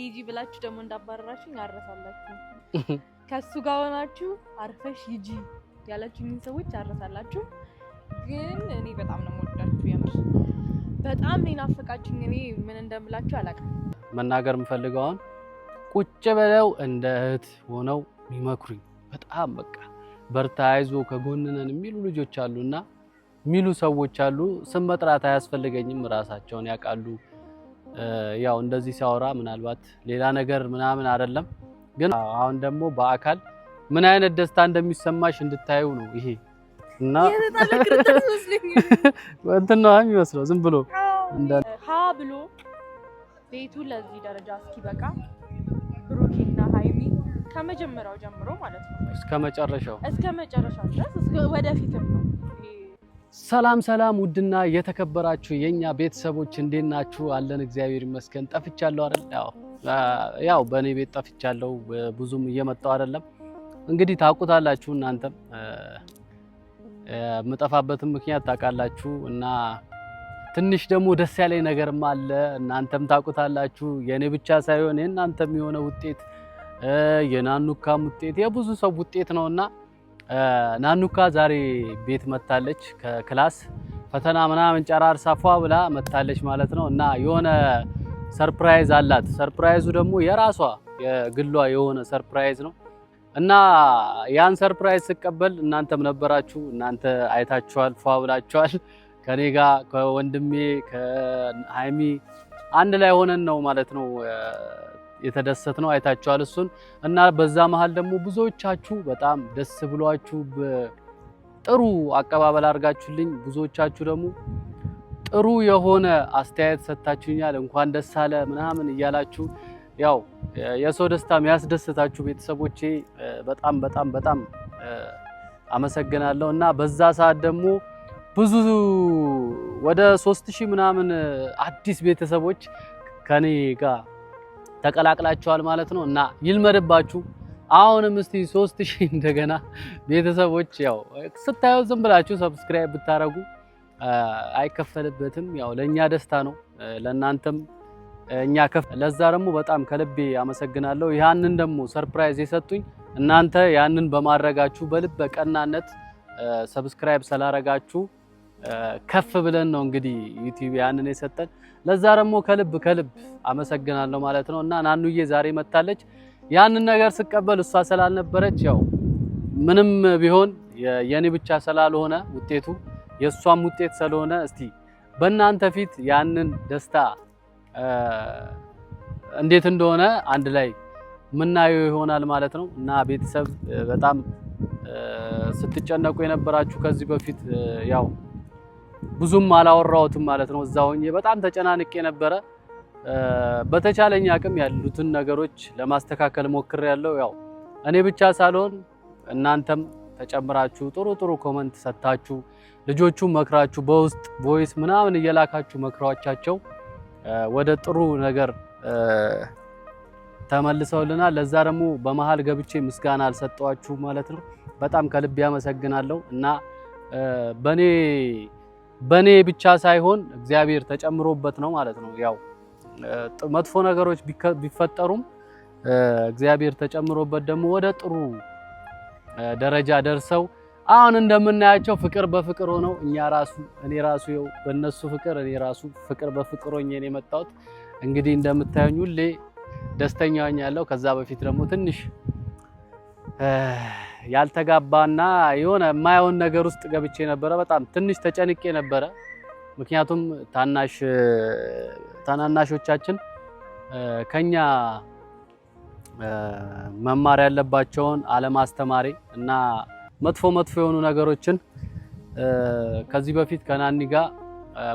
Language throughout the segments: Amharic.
ሂጂ ብላችሁ ደግሞ እንዳባረራችሁ አረሳላችሁ። ከሱ ጋር ሆናችሁ አርፈሽ ሂጂ ያላችሁኝን ሰዎች አረሳላችሁ። ግን እኔ በጣም ነው የምወዳችሁ። የምር በጣም ነው የናፈቃችሁኝ። እኔ ምን እንደምላችሁ አላውቅም። መናገር የምፈልገው ቁጭ ብለው እንደ እህት ሆነው የሚመክሩኝ በጣም በቃ በርታ፣ ከጎንነን የሚሉ ልጆች አሉና የሚሉ ሰዎች አሉ። ስም መጥራት አያስፈልገኝም። ራሳቸውን ያውቃሉ። ያው እንደዚህ ሲያወራ ምናልባት ሌላ ነገር ምናምን አይደለም፣ ግን አሁን ደግሞ በአካል ምን አይነት ደስታ እንደሚሰማሽ እንድታዩ ነው ይሄ እና እንትን ነው የሚመስለው ዝም ብሎ ሀ ብሎ ቤቱ ለዚህ ደረጃ እስኪበቃ ብሩኬና ሀይሚ ከመጀመሪያው ጀምሮ ማለት ነው እስከ መጨረሻው እስከ መጨረሻው ድረስ ወደፊትም ነው ሰላም ሰላም፣ ውድና የተከበራችሁ የኛ ቤተሰቦች እንዴት ናችሁ? አለን እግዚአብሔር ይመስገን። ጠፍቻለሁ አይደል? ያው በእኔ ቤት ጠፍቻለሁ፣ ብዙም እየመጣው አይደለም። እንግዲህ ታውቁታላችሁ፣ እናንተም የምጠፋበትን ምክንያት ታውቃላችሁ እና ትንሽ ደግሞ ደስ ያለኝ ነገርም አለ፣ እናንተም ታውቁታላችሁ። የእኔ ብቻ ሳይሆን የእናንተም የሆነ ውጤት የናኑካም ውጤት የብዙ ሰው ውጤት ነውና ናኑካ ዛሬ ቤት መታለች። ከክላስ ፈተና ምናምን ጨራርሳ ፏ ብላ መታለች ማለት ነው እና የሆነ ሰርፕራይዝ አላት። ሰርፕራይዙ ደግሞ የራሷ የግሏ የሆነ ሰርፕራይዝ ነው እና ያን ሰርፕራይዝ ስቀበል እናንተም ነበራችሁ። እናንተ አይታችኋል፣ ፏ ብላችኋል። ከኔ ጋር ከወንድሜ ከሀይሚ አንድ ላይ ሆነን ነው ማለት ነው የተደሰት ነው አይታችኋል እሱን እና በዛ መሀል ደግሞ ብዙዎቻችሁ በጣም ደስ ብሏችሁ ጥሩ አቀባበል አድርጋችሁልኝ ብዙዎቻችሁ ደግሞ ጥሩ የሆነ አስተያየት ሰጥታችሁኛል። እንኳን ደስ አለ ምናምን እያላችሁ ያው የሰው ደስታ የሚያስደስታችሁ ቤተሰቦቼ በጣም በጣም በጣም አመሰግናለሁ እና በዛ ሰዓት ደግሞ ብዙ ወደ ሶስት ሺህ ምናምን አዲስ ቤተሰቦች ከኔ ጋር ተቀላቅላችኋል ማለት ነው እና ይልመድባችሁ። አሁንም እስቲ 3000 እንደገና ቤተሰቦች ያው ስታዩ ዝም ብላችሁ ሰብስክራይብ ብታረጉ አይከፈልበትም። ያው ለኛ ደስታ ነው ለእናንተም እኛ ከፍ ለዛ ደግሞ በጣም ከልቤ አመሰግናለሁ። ያንን ደግሞ ሰርፕራይዝ የሰጡኝ እናንተ ያንን በማድረጋችሁ በልበ ቀናነት ሰብስክራይብ ስላረጋችሁ ከፍ ብለን ነው እንግዲህ ዩቲዩብ ያንን የሰጠን። ለዛ ደግሞ ከልብ ከልብ አመሰግናለሁ ማለት ነው እና ናኑዬ ዛሬ መታለች። ያንን ነገር ስቀበል እሷ ስላልነበረች ያው ምንም ቢሆን የኔ ብቻ ስላልሆነ ውጤቱ የእሷም ውጤት ስለሆነ እስቲ በእናንተ ፊት ያንን ደስታ እንዴት እንደሆነ አንድ ላይ ምናየው ይሆናል ማለት ነው እና ቤተሰብ በጣም ስትጨነቁ የነበራችሁ ከዚህ በፊት ያው ብዙም አላወራሁትም ማለት ነው። እዛ ሆኜ በጣም ተጨናንቄ ነበረ። በተቻለኝ አቅም ያሉትን ነገሮች ለማስተካከል ሞክር ያለው ያው እኔ ብቻ ሳልሆን እናንተም ተጨምራችሁ ጥሩ ጥሩ ኮመንት ሰጥታችሁ ልጆቹ መክራችሁ በውስጥ ቮይስ ምናምን እየላካችሁ መክሯቻቸው ወደ ጥሩ ነገር ተመልሰውልናል። ለዛ ደግሞ በመሀል ገብቼ ምስጋና አልሰጠዋችሁ ማለት ነው። በጣም ከልብ ያመሰግናለሁ እና በእኔ በእኔ ብቻ ሳይሆን እግዚአብሔር ተጨምሮበት ነው ማለት ነው። ያው መጥፎ ነገሮች ቢፈጠሩም እግዚአብሔር ተጨምሮበት ደግሞ ወደ ጥሩ ደረጃ ደርሰው አሁን እንደምናያቸው ፍቅር በፍቅር ሆነው እኛ ራሱ እኔ ራሱ ይኸው በእነሱ ፍቅር እኔ ራሱ ፍቅር በፍቅር ሆኜ ነው የመጣሁት። እንግዲህ እንደምታዩኝ ሁሌ ደስተኛ ሆኛለሁ። ከዛ በፊት ደግሞ ትንሽ ያልተጋባና የሆነ የማየውን ነገር ውስጥ ገብቼ ነበረ። በጣም ትንሽ ተጨንቄ ነበረ። ምክንያቱም ታናሽ ታናናሾቻችን ከኛ መማር ያለባቸውን አለማስተማሪ እና መጥፎ መጥፎ የሆኑ ነገሮችን ከዚህ በፊት ከናኒ ጋር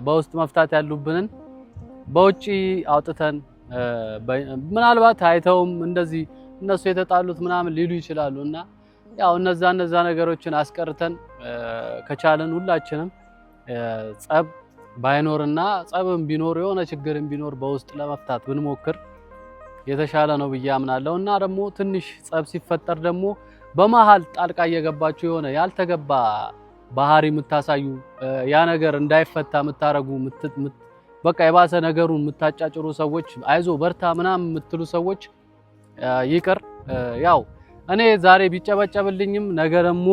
በውስጥ መፍታት ያሉብንን በውጪ አውጥተን ምናልባት አይተውም እንደዚህ እነሱ የተጣሉት ምናምን ሊሉ ይችላሉ እና ያው እነዛ እነዛ ነገሮችን አስቀርተን ከቻለን ሁላችንም ጸብ ባይኖርና ጸብም ቢኖር የሆነ ችግርም ቢኖር በውስጥ ለመፍታት ብንሞክር የተሻለ ነው ብዬ አምናለሁ። እና ደግሞ ትንሽ ጸብ ሲፈጠር ደግሞ በመሀል ጣልቃ እየገባችሁ የሆነ ያልተገባ ባህሪ የምታሳዩ ያ ነገር እንዳይፈታ የምታረጉ በቃ የባሰ ነገሩን የምታጫጭሩ ሰዎች አይዞ በርታ ምናምን የምትሉ ሰዎች ይቅር ያው እኔ ዛሬ ቢጨበጨብልኝም ነገ ደግሞ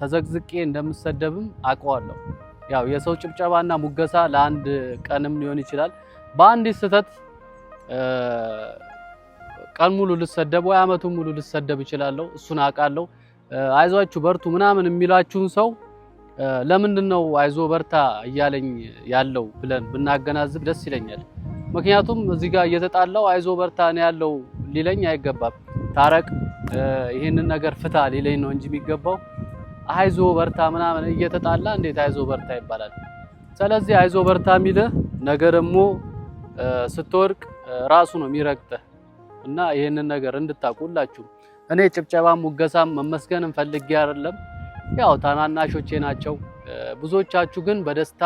ተዘግዝቄ እንደምሰደብም አውቀዋለሁ። ያው የሰው ጭብጨባና ሙገሳ ለአንድ ቀንም ሊሆን ይችላል። በአንዲት ስህተት ቀን ሙሉ ልሰደብ ወይ አመቱን ሙሉ ልሰደብ እችላለሁ። እሱን አውቃለሁ። አይዟችሁ በርቱ ምናምን የሚላችሁን ሰው ለምንድን ነው አይዞ በርታ እያለኝ ያለው ብለን ብናገናዝብ ደስ ይለኛል። ምክንያቱም እዚህ ጋር እየተጣላው አይዞ በርታ ነው ያለው ሊለኝ አይገባም። ታረቅ ይህንን ነገር ፍታ ሊለኝ ነው እንጂ የሚገባው አይዞ በርታ ምናምን እየተጣላ እንዴት አይዞ በርታ ይባላል? ስለዚህ አይዞ በርታ የሚል ነገ ደግሞ ስትወድቅ ራሱ ነው የሚረግጥህ እና ይህንን ነገር እንድታቁላችሁ። እኔ ጭብጨባም ሙገሳም መመስገንም ፈልጌ አይደለም፣ ያው ታናናሾቼ ናቸው። ብዙዎቻችሁ ግን በደስታ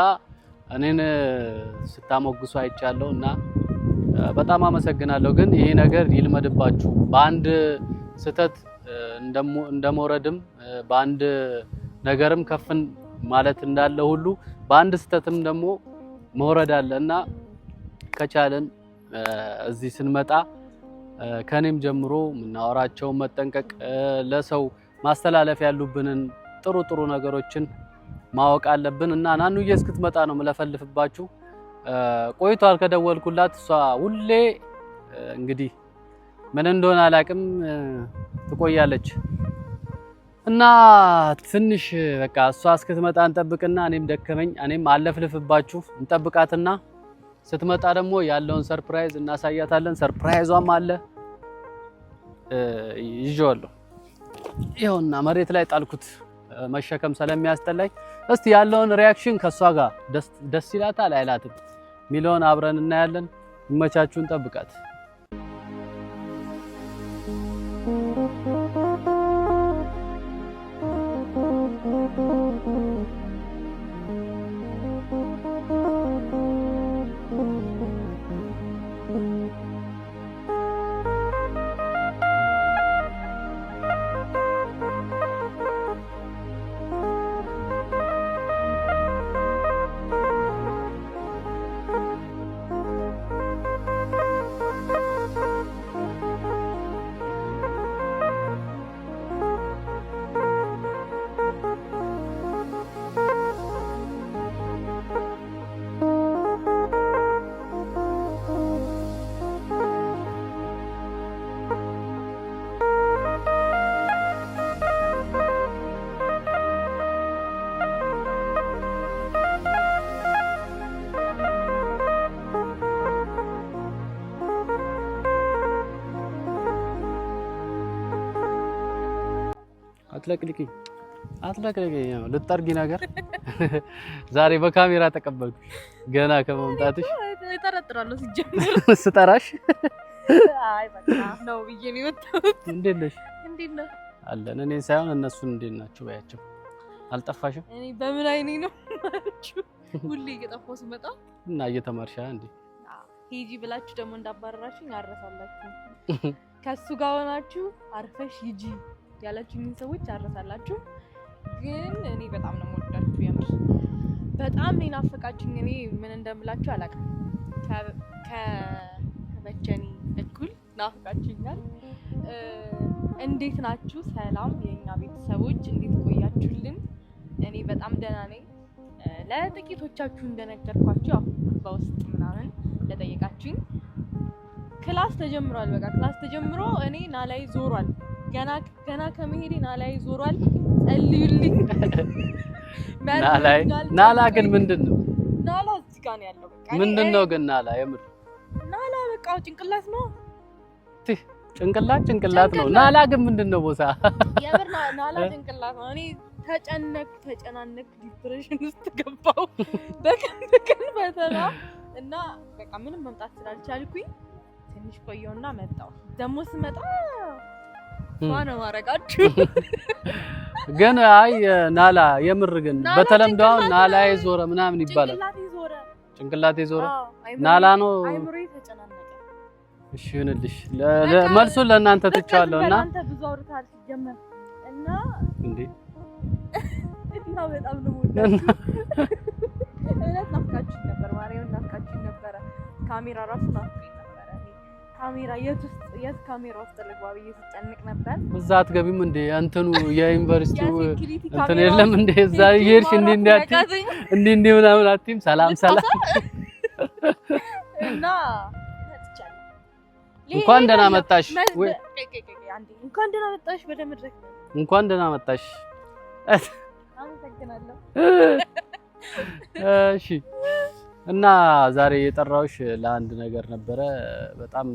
እኔን ስታሞግሱ አይቻለሁ እና በጣም አመሰግናለሁ። ግን ይሄ ነገር ይልመድባችሁ በአንድ ስህተት እንደመውረድም በአንድ ነገርም ከፍን ማለት እንዳለ ሁሉ በአንድ ስህተትም ደግሞ መውረድ አለ እና ከቻለን እዚህ ስንመጣ ከኔም ጀምሮ የምናወራቸውን መጠንቀቅ፣ ለሰው ማስተላለፍ ያሉብንን ጥሩ ጥሩ ነገሮችን ማወቅ አለብን እና ናኑዬ እስክትመጣ ነው ምለፈልፍባችሁ። ቆይቷል ከደወልኩላት እሷ ሁሌ እንግዲህ ምን እንደሆነ አላቅም ትቆያለች እና ትንሽ በቃ እሷ እስክትመጣ እንጠብቅና እኔም ደከመኝ፣ እኔም አለፍልፍባችሁ እንጠብቃትና ስትመጣ ደግሞ ያለውን ሰርፕራይዝ እናሳያታለን። ሰርፕራይዟም አለ ይዤዋለሁ። ይኸውና መሬት ላይ ጣልኩት መሸከም ስለሚያስጠላኝ። እስቲ ያለውን ሪያክሽን ከእሷ ጋር ደስ ይላታል አይላትም የሚለውን አብረን እናያለን። ይመቻችሁ፣ እንጠብቃት። አትለቅልቅኝ አትለቅልቅኝ ልጠርጊ ነገር ዛሬ በካሜራ ተቀበልኩ። ገና ከመምጣትሽ እጠረጥራለሁ ስጠራሽ ነው ብዬ ነው የመጣሁት። እንዴት ነሽ? እንዴት አለን። ሳይሆን እነሱን እንዴት ናቸው አልጠፋሽም? እኔ በምን አይኔ ነው ሁሌ እየጠፋሁ ስመጣ እና እየተማርሻ እንዴ ሂጂ ብላችሁ ደግሞ እንዳባረራችሁ አረሳላችሁ። ከሱ ጋር ሆናችሁ አርፈሽ ሂጂ ያላችሁኝን ሰዎች አረሳላችሁ። ግን እኔ በጣም ነው የምወዳችሁ። የምር በጣም ነው የናፈቃችሁኝ። እኔ ምን እንደምላችሁ አላውቅም። ከበቸኔ እኩል ናፍቃችሁኛል። እንዴት ናችሁ? ሰላም የእኛ ቤተሰቦች እንዴት ቆያችሁልን? እኔ በጣም ደህና ነኝ። ለጥቂቶቻችሁ እንደነገርኳችሁ በውስጥ ምናምን ለጠየቃችሁኝ ክላስ ተጀምሯል። በቃ ክላስ ተጀምሮ እኔ ናላይ ዞሯል። ገና ገና ከመሄዴ ናላ ዞሯል። ጸልዩልኝ። ናላ ናላ ግን ምንድን ነው ናላ? እዚህ ጋር ነው ያለው። ምንድን ነው ግን ናላ? የምር ናላ በቃ ጭንቅላት ነው። ጭንቅላት ጭንቅላት ነው። ናላ ግን ምንድን ነው ቦታ? የምር ናላ ጭንቅላት ነው። እኔ ተጨነቅ ተጨናነቅ ዲፕሬሽን ውስጥ ገባው በቀን በቀን ፈተና እና በቃ ምንም መምጣት ስላልቻልኩኝ ትንሽ ቆየውና መጣው ደግሞ ስመጣ ዋነ ማረጋችሁ ግን አይ ናላ የምር ግን በተለምዶ ናላ የዞረ ምናምን ይባላል። ጭንቅላት ዞረ ናላ ነው። እሺ ይሁንልሽ። መልሱን ለእናንተ ትቼዋለሁ እና ካሜራ ራሱ ናፍቀኝ ካሜራ የት ውስጥ የት ካሜራ ውስጥ ልግባ ብዬ ስጨንቅ ነበር። እዛ አትገቢም እንዴ እንትኑ የዩኒቨርሲቲው እንትን የለም እንዴ እዛ ይሄድሽ እንዴ እንዴ እንዴ እንዴ ምናምን አትይም። ሰላም ሰላም እና እንኳን ደህና መጣሽ፣ እንኳን ደህና መጣሽ፣ ወደ መድረክ እንኳን ደህና መጣሽ። አመሰግናለሁ። እሺ እና ዛሬ የጠራውሽ ለአንድ ነገር ነበረ። በጣም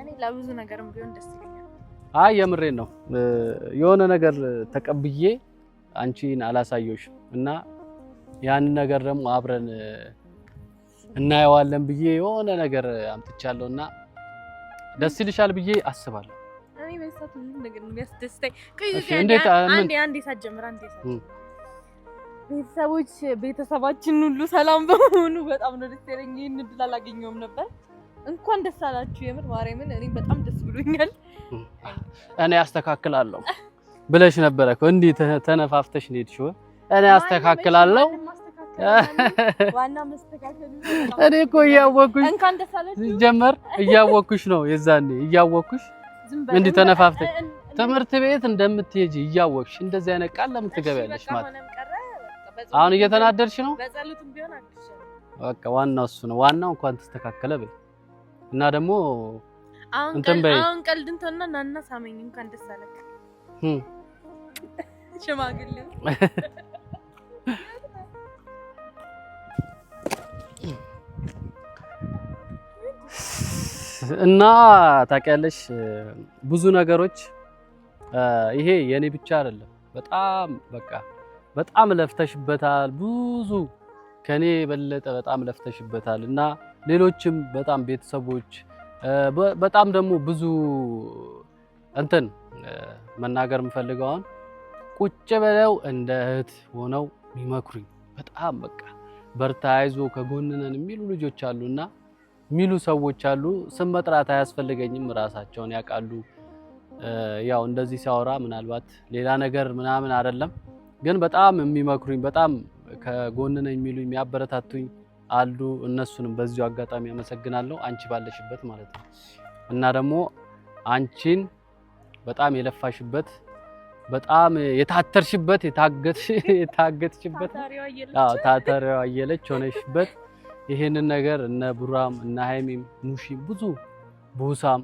እኔ ለብዙ ነገርም ቢሆን ደስ ይለኛል። አይ የምሬን ነው። የሆነ ነገር ተቀብዬ አንቺን አላሳየሁሽ እና ያን ነገር ደግሞ አብረን እናየዋለን ብዬ የሆነ ነገር አምጥቻለሁ እና ደስ ይልሻል ብዬ አስባለሁ። እኔ ቤተሰቦች ቤተሰባችን ሁሉ ሰላም በመሆኑ በጣም ነው ደስ ያለኝ። ይህን እድል አላገኘውም ነበር። እንኳን ደስ አላችሁ። የምር ማርያምን፣ እኔም በጣም ደስ ብሎኛል። እኔ አስተካክላለሁ ብለሽ ነበረ እኮ እንዲህ ተነፋፍተሽ ነው የሄድሽው። እኔ አስተካክላለሁ። እኔ እኮ እያወኩሽ እንኳን ደስ ጀመር እያወኩሽ ነው የዛኔ እያወኩሽ እንዲህ ተነፋፍተሽ ትምህርት ቤት እንደምትሄጂ እያወቅሽ እንደዚህ አይነት ቃል ለምን ትገቢያለሽ ማለት አሁን እየተናደድሽ ነው። ቢሆን በቃ ዋናው እሱ ነው። ዋናው እንኳን ተስተካከለ በይ እና ደግሞ እንትን በይ አሁን ቀልድ እንተና ናና ሳመኝ እንኳን ደስ አለህ ሽማግሌ እና ታውቂያለሽ ብዙ ነገሮች ይሄ የኔ ብቻ አይደለም። በጣም በቃ በጣም ለፍተሽበታል። ብዙ ከኔ የበለጠ በጣም ለፍተሽበታል እና ሌሎችም በጣም ቤተሰቦች በጣም ደግሞ ብዙ እንትን መናገር የምፈልገው ቁጭ ብለው እንደ እህት ሆነው የሚመክሩኝ በጣም በቃ በርታ፣ አይዞ፣ ከጎንነን የሚሉ ልጆች እና የሚሉ ሰዎች አሉ። ስም መጥራት አያስፈልገኝም፣ ራሳቸውን ያውቃሉ። ያው እንደዚህ ሲያወራ ምናልባት ሌላ ነገር ምናምን አይደለም ግን በጣም የሚመክሩኝ በጣም ከጎን ነኝ የሚሉኝ የሚያበረታቱኝ አሉ። እነሱንም በዚሁ አጋጣሚ አመሰግናለሁ። አንቺ ባለሽበት ማለት ነው እና ደግሞ አንቺን በጣም የለፋሽበት በጣም የታተርሽበት የታገትሽበት ታታሪዋ አየለች ሆነሽበት ይህንን ነገር እነ ቡራም እነ ሀይሚም ሙሺም ብዙ ቡሳም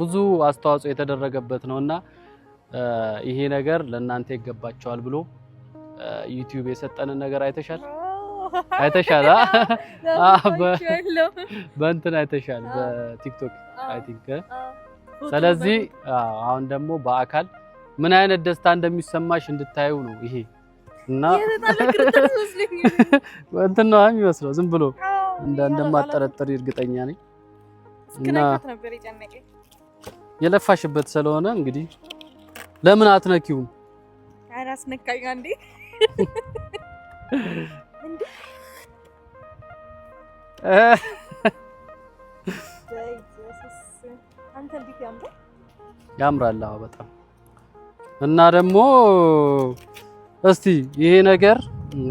ብዙ አስተዋጽኦ የተደረገበት እና ይሄ ነገር ለእናንተ ይገባቸዋል ብሎ ዩቲዩብ የሰጠንን ነገር አይተሻል አይተሻል በእንትን አይተሻል፣ በቲክቶክ አይ ቲንክ። ስለዚህ አሁን ደግሞ በአካል ምን አይነት ደስታ እንደሚሰማሽ እንድታዩ ነው ይሄ እና እንትን ነው የሚመስለው። ዝም ብሎ እንደማጠረጥር እርግጠኛ ነኝ እና የለፋሽበት ስለሆነ እንግዲህ ለምን አትነኪውም? አራስ ነካኝ አንዴ ያምራል። አዎ በጣም እና ደግሞ እስቲ ይሄ ነገር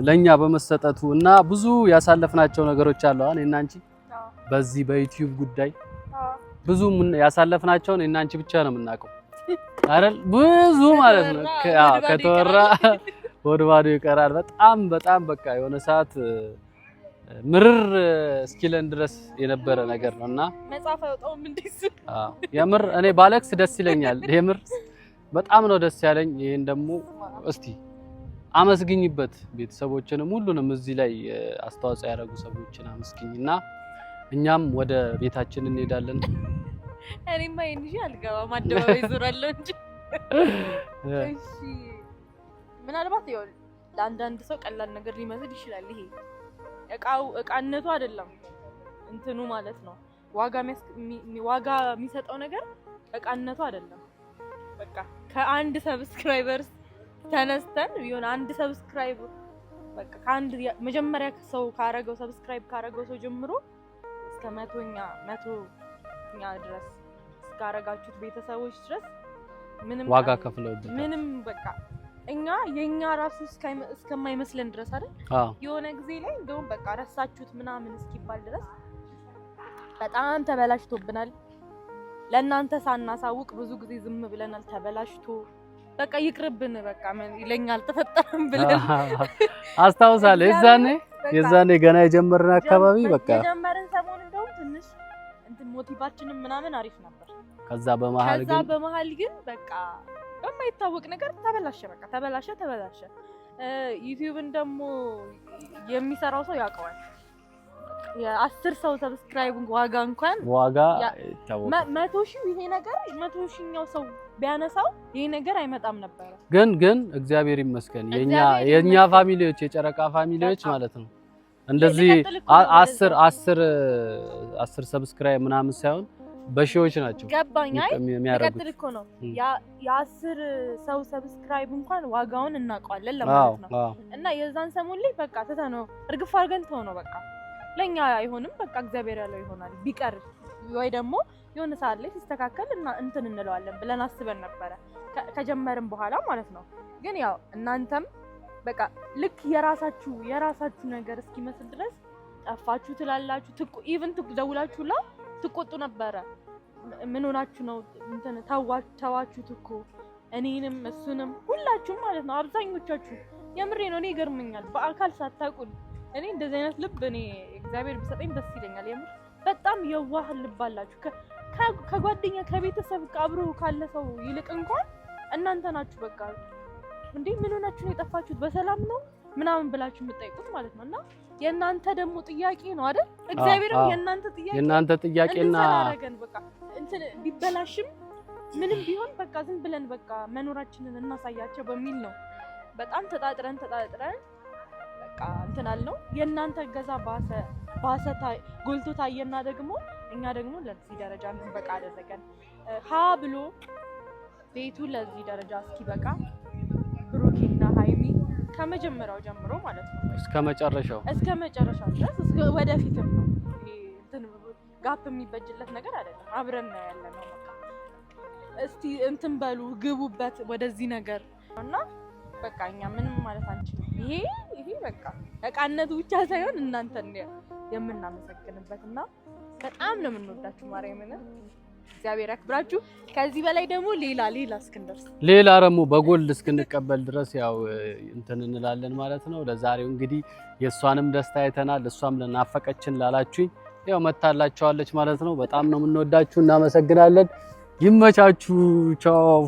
ለኛ በመሰጠቱ እና ብዙ ያሳለፍናቸው ነገሮች አሉ። አሁን አንቺ በዚህ በዩቲዩብ ጉዳይ ብዙ ያሳለፍናቸውን አንቺ ብቻ ነው የምናውቀው። አይደል? ብዙ ማለት ነው። አዎ ከተወራ ወደ ባዶ ይቀራል። በጣም በጣም በቃ የሆነ ሰዓት ምርር እስኪለን ድረስ የነበረ ነገር ነው እና መጽሐፍ አይወጣውም። አዎ የምር እኔ ባለክስ ደስ ይለኛል። የምር በጣም ነው ደስ ያለኝ። ይሄን ደግሞ እስቲ አመስግኝበት ቤተሰቦችንም ሁሉንም እዚህ ላይ አስተዋጽኦ ያደረጉ ሰዎችን አመስግኝና እኛም ወደ ቤታችን እንሄዳለን። እኔማ ይሄን ይዤ አልገባም፣ አደባባይ እንጂ እሺ ምናልባት ያው ለአንዳንድ ሰው ቀላል ነገር ሊመስል ይችላል። ይሄ እቃው እቃነቱ አይደለም እንትኑ ማለት ነው። ዋጋ ዋጋ የሚሰጠው ነገር እቃነቱ አይደለም። በቃ ከአንድ ሰብስክራይበርስ ተነስተን ቢሆን አንድ ሰብስክራይብ በቃ ከአንድ መጀመሪያ ሰው ካረገው ሰብስክራይብ ካረገው ሰው ጀምሮ እስከ መቶኛ መቶኛ ድረስ እስካረጋችሁት ቤተሰቦች ድረስ ዋጋ ከፍለውብን ምንም በቃ እኛ የኛ ራሱ እስከማይመስለን ድረስ አይደል የሆነ ጊዜ ላይ እንደውም በቃ ረሳችሁት ምናምን እስኪባል ድረስ በጣም ተበላሽቶብናል። ለእናንተ ሳናሳውቅ ብዙ ጊዜ ዝም ብለናል። ተበላሽቶ በቃ ይቅርብን፣ በቃ ለኛ አልተፈጠረም ብለን አስታውሳለሁ። የዛኔ የዛኔ ገና የጀመርን አካባቢ በቃ የጀመርን ሰሞን እንደውም ትንሽ እንትን ሞቲቫችንም ምናምን አሪፍ ነበር። ከዛ በመሀል ከዛ በመሀል ግን በቃ በማይታወቅ ነገር ተበላሸ። በቃ ተበላሸ ተበላሸ። ዩቲዩብን ደግሞ የሚሰራው ሰው ያውቀዋል። የአስር ሰው ሰብስክራይቢንግ ዋጋ እንኳን ዋጋ ይታወቃል። መቶ ሺህ ይሄ ነገር መቶ ሺህኛው ሰው ቢያነሳው ይሄ ነገር አይመጣም ነበረ። ግን ግን እግዚአብሔር ይመስገን የኛ የኛ ፋሚሊዎች የጨረቃ ፋሚሊዎች ማለት ነው እንደዚህ አስር አስር አስር ሰብስክራይብ ምናምን ሳይሆን በሺዎች ናቸው። ገባኝ። ይቀጥል እኮ ነው የአስር ሰው ሰብስክራይብ እንኳን ዋጋውን እናውቀዋለን ለማለት ነው። እና የዛን ሰሞን ላይ በቃ ትተህ ነው እርግፍ አድርገን ትሆ ነው በቃ ለእኛ አይሆንም፣ በቃ እግዚአብሔር ያለው ይሆናል ቢቀር ወይ ደግሞ የሆነ ሰዓት ላይ ሲስተካከል እንትን እንለዋለን ብለን አስበን ነበረ ከጀመርን በኋላ ማለት ነው። ግን ያው እናንተም በቃ ልክ የራሳችሁ የራሳችሁ ነገር እስኪመስል ድረስ ጠፋችሁ ትላላችሁ። ኢቭን ትደውላችሁላ ትቆጡ ነበረ። ምን ሆናችሁ ነው እንትን ተዋችሁት እኮ እኔንም እሱንም ሁላችሁም ማለት ነው። አብዛኞቻችሁ የምሬ ነው። እኔ ይገርመኛል በአካል ሳታቁን እኔ እንደዚህ አይነት ልብ እኔ እግዚአብሔር ቢሰጠኝ ደስ ይለኛል። የምር በጣም የዋህ ልብ አላችሁ። ከጓደኛ ከቤተሰብ አብሮ ካለ ሰው ይልቅ እንኳን እናንተ ናችሁ። በቃ እንዴ ምን ሆናችሁ ነው የጠፋችሁት? በሰላም ነው ምናምን ብላችሁ የምጠይቁት ማለት ነው። እና የእናንተ ደግሞ ጥያቄ ነው አይደል? እግዚአብሔርም የእናንተ ጥያቄ የእናንተ ጥያቄና በቃ እንትን ቢበላሽም ምንም ቢሆን በቃ ዝም ብለን በቃ መኖራችንን እናሳያቸው በሚል ነው በጣም ተጣጥረን ተጣጥረን በቃ እንትን አልነው። የእናንተ እገዛ ባሰ ባሰ ጎልቶ ታየና ደግሞ እኛ ደግሞ ለዚህ ደረጃ ምን በቃ አደረገን ሀ ብሎ ቤቱ ለዚህ ደረጃ እስኪበቃ ከመጀመሪያው ጀምሮ ማለት ነው እስከ መጨረሻው እስከ መጨረሻው ድረስ እስከ ወደፊትም ነው ጋፕ የሚበጅለት ነገር አይደለም። አብረን ነው ያለ ነው በቃ እስቲ እንትን በሉ ግቡበት ወደዚህ ነገር እና በቃ እኛ ምንም ማለት አንችልም። ይሄ ይሄ በቃ እቃነቱ ብቻ ሳይሆን እናንተን የምናመሰግንበት እና በጣም ነው የምንወዳችሁ ማርያምን እግዚአብሔር ያክብራችሁ። ከዚህ በላይ ደግሞ ሌላ ሌላ እስክንደርስ ሌላ ደግሞ በጎል እስክንቀበል ድረስ ያው እንትን እንላለን ማለት ነው። ለዛሬው እንግዲህ የእሷንም ደስታ አይተናል። እሷም ለናፈቀችን ላላችሁኝ ያው መታላችኋለች ማለት ነው። በጣም ነው የምንወዳችሁ፣ እናመሰግናለን። ይመቻችሁ። ቻው